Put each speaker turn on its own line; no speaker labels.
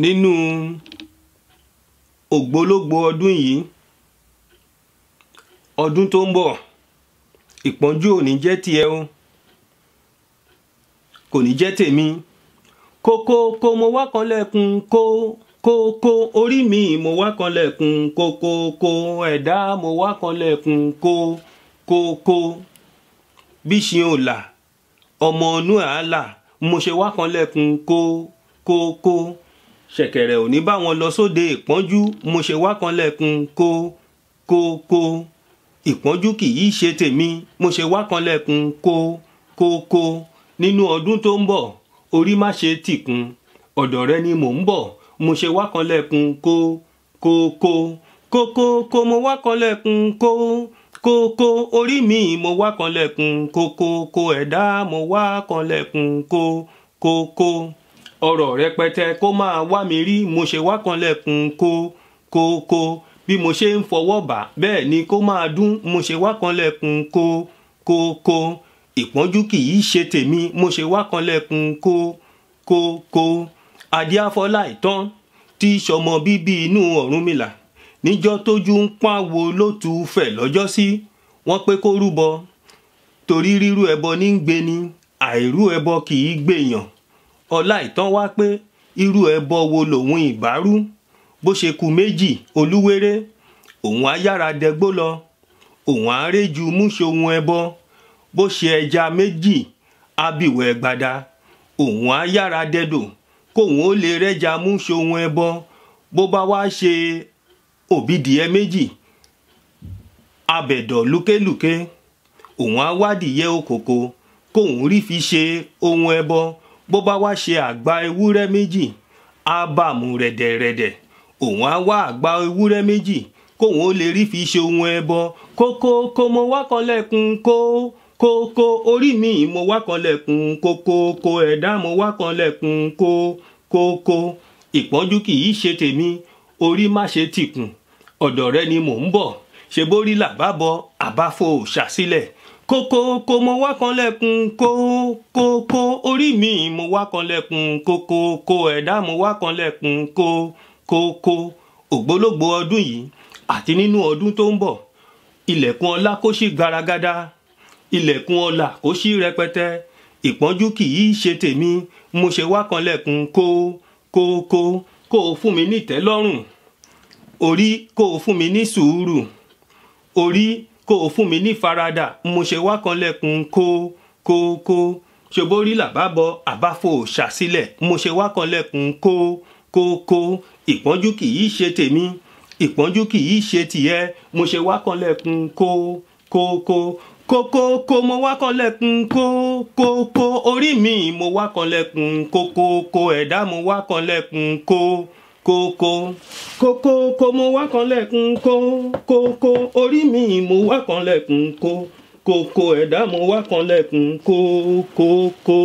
nínú ògbólógbò ọdún yìí ọdún tó ń bọ̀ ìpọ́njú ò ní jẹ́ tiẹ̀ o kò ní jẹ́ tèmi kókó kó mo wá kan lẹ́kùn kó kókó orí mi mo wá kan lẹ́kùn kókókó ẹ̀dá mo wá kan lẹ́kùn kókókó bí ṣe ò là ọmọ ọnú àá là mo ṣe wá kan lẹ́kùn kókókó ṣẹ̀kẹ̀rẹ̀ ò ní bá wọn lọ sóde ìpọ́njú mo ṣe wá kan lẹ́kùn kó kó kó ìpọ́njú kì í ṣe tèmi mo ṣe wá kan lẹ́kùn kó kó kó nínú ọdún tó ń bọ̀ orí má ṣe tìkun ọ̀dọ̀ rẹ ni mò ń bọ̀ mo ṣe wá kan lẹ́kùn kó kó kó kókó kó mo wá kan lẹ́kùn kó kókó orí mi mo wá kan lẹ́kùn kókó kó ẹ̀dá mo wá kan lẹ́kùn kó kókó ọ̀rọ̀ rẹpẹtẹ kó máa wá mi rí mo ṣe wá kan lẹ́kùn kó kó kó bí mo ṣe ń fọwọ́ bà bẹ́ẹ̀ ni kó máa dún mo ṣe wá kan lẹ́kùn kó kó kó ìpọ́njú kì í ṣe tèmi mo ṣe wá kan lẹ́kùn kó kó kó adé afọlá ìtàn tí sọmọ bíbí inú Ọ̀rúnmìlà níjọ́ tójú ń pàwo ló tù ú fẹ̀ lọ́jọ́sí wọ́n pé kó rúbọ torí rírú ẹbọ ní ń gbeni àìrú ẹbọ kì í gbèyàn ọláìtàn wá pé irú ẹbọ wo lòun ìbárú bó ṣe ku méjì olúwéré òun á yára dẹgbó lọ òun á réjú múṣohun ẹbọ bó ṣe ẹja méjì abìwẹ̀ gbada òun á yára dẹdò kóun ó lè rẹ́ja múṣohun ẹbọ bó bá wá ṣe òbídìẹ méjì abẹ̀dọ̀ lúkélùké òun á yẹ okòkò kóun rí fi ṣe ohun ẹbọ bó bá wá ṣe àgbà ewúrẹ́ méjì á bà mú rẹ̀dẹ̀rẹ̀dẹ̀ òun á wá àgbà ewúrẹ́ méjì kóun ó lè rí fi ṣe ohun ẹbọ kókó kó mo wá kan kó kókó orí mi mo wá kan lẹ́kùn kókó kó ẹ̀dá mo wá kan lẹ́kùn kó kókó ìpọ́njú kì í ṣe tèmi orí má ṣe tìkùn ọ̀dọ̀ rẹ ni mò ń bọ̀ ṣe bórí làbá bọ àbáfo òòṣà kókó mo wá kan lẹ́kùn kó kó orí mi mo wá kan lẹ́kùn kókó kó ẹ̀dá mo wá kan lẹ́kùn kó kó kó ògbólógbò ọdún yìí àti nínú ọdún tó ń bọ̀ ilẹ̀kùn ọlá kó ṣí garagada ilẹ̀kùn ọlà kó ṣí rẹpẹtẹ ìpọ́njú kì í ṣe tèmi mo ṣe wá kan lẹ́kùn kó kó kó kó o fún mi ní ìtẹ́lọ́rùn orí kó o fún mi ní sùúrù orí kó o fún mi ní ìfaradà mo ṣe wá kan lẹ́kùn kó kó kó ṣòbórí làbábọ àbáfò ṣàsílẹ̀ mo ṣe wá kan lẹ́kùn kó kó kó ìpọ́njú kì í ṣe tèmi ìpọ́njú kì í ṣe tìẹ mo ṣe wá kan lẹ́kùn kó kókókó mo wá kan lẹ́kùn kókókó orí mi mo wá kan lẹ́kùn kókókó ẹ̀dá mo wá kan lẹ́kùn kókókó kókó kókó kó mo wá kan lẹ́kùn kó kókó orí mi mo wá kan lẹ́kùn kó kókó ẹ̀dá mo wá kan lẹ́kùn kó kókó.